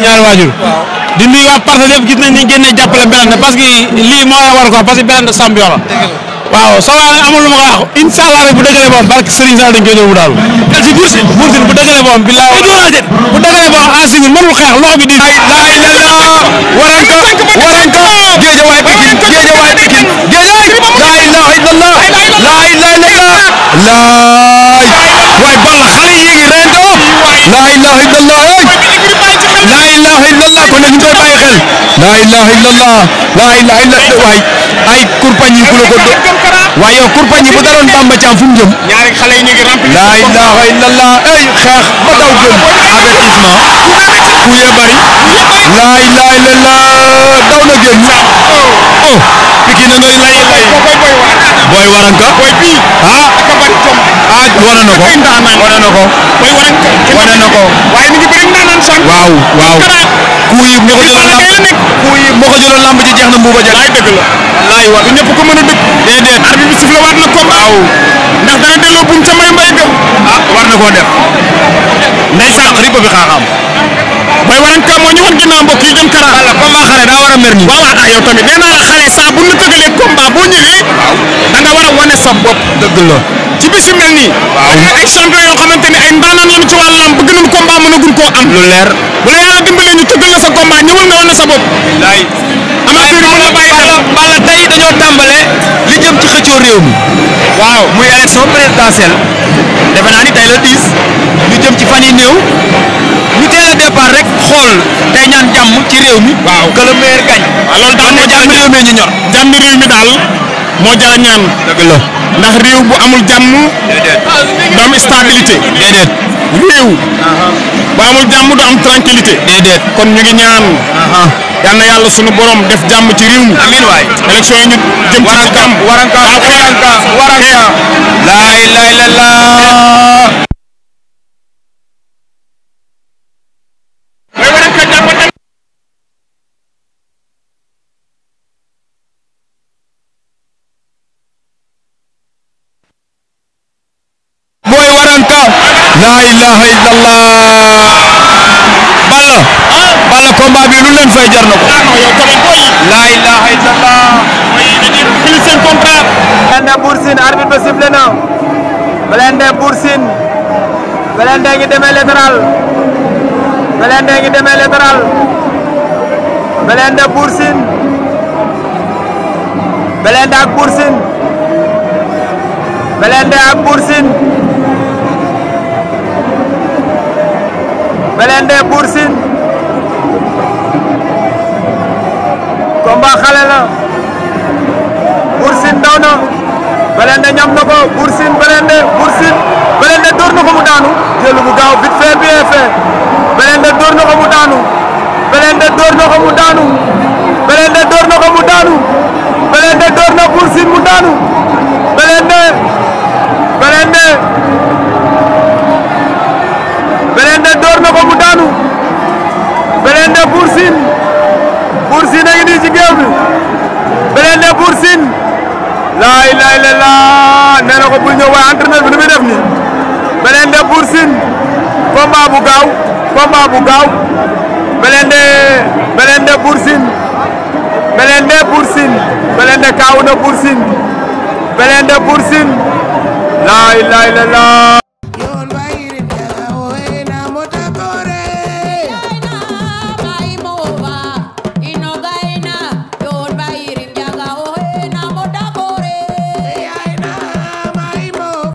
ñaari waajur di nuyu waa parcelle yëpp gis nañ ni ñu génnee jàppale Belende parce que lii moo war ko parce que waaw soxla na amul lu ma ko wax incha allah rek bu dëgëree moom barke Serigne Sall dañ koy bu daal. kan si Bour Sine Bour bu dëgëree moom bi laa. bu dëgëree moom en bi di. Ah. waay la la waran ko waran ko géej waay Pikine géej waay Pikine géej waay la ilaha laay waay baax na xale yi ngi rendo la ilaha illallah la ilaha illallah kon nag ñu koy la ilaha illallah la ilaha illallah waay ay kurpañ yi ku la ko waaye yow bu daroon Bamba Thiam jëm. ñaari xale yi ñu xeex ba daw gën. avertissement. ku yee bari. laa ilaaha illallah daw na génn. oh, oh. piki na nañ lay lay. booy waranka. booy bii. ah ah wane na ko. wane na ko. wane na ko. waaye mi ngi bëri waaw waaw. ku yi moo ko jëloon lamb ku jeex na mbuuba jeex. laay dëgg la. ñëpp ko mën a dëgg. waaw ndax dana delloo buum ca mbay mbay ga. ah war na koo def ndeysaan ripp bi xaaxaam. bay waranka moo ñu woon ginnaaw mbokk yi jëm kara wala combat xale daa war a mer nii. waaw waaw yow tamit nee naa la xale saa bu ñu tëgalee boo ñëwee. waaw war a wane sa bopp. dëgg la ci bis yu mel nii. waaw da ay champion yoo xamante ne ay ndaanaan lañu ci wàllu lamb bëgg nañu combat mënaguñ koo am. lu leer bu la yàlla dimbalee ñu tëggal la sa combat ñëwal nga wane sa bopp. laay amateur yi mën na li jëm ci xëccoo réew mi waaw muy élection présidentielle defe naa ni tey la 10 ñu jëm ci fan yi néew ñu teel a départ rek xool tey ñaan jàmm ci réew mi. waaw que le maire gagne. waaw loolu daal moo jàmm réew mi daal moo jar ñaan. dëgg la ndax réew bu amul jàmm. déedéet du am stabilité. déedéet réew. bu amul jàmm du am tranquillité. déedéet kon ñu ngi ñaan. yal na yàlla sunu borom def jàmm ci réew mi. amiin waay élection yi laa ilaaha illallaah. laa ilaaha combat bi lu leen fay jar na ko. la ilaha illallah. fii seen contrat. Blindé Bour Sine arbitre ba sifflé na. Blindé Bour Sine. Blindé ngi demee latéral. Blindé ngi demee latéral. Blindé Bour Sine. Blindé ak Bour Sine. Blindé ak Bour Sine. Tapha xale la Bour Sine daw na Blindé ñam na ko Bour Sine Blindé Bour Sine mu daanu jël gaaw vite fait bien fait Blindé dóor mu daanu Blindé dóor na mu daanu Blindé dóor na mu daanu Blindé dóor na Bour Sine mu daanu Blindé Blindé Bour Sine a ngi nii ci géew bi beneen ne Bour la laa ilaaha illallaah na ko bu ñëw way entraîneur bi nu muy def ni benen ne Bour combat bu gaaw combat bu gaaw benen ne benen ne Bour benen beneen ne benen Sine beneen na Bour benen beneen ne la Sine laa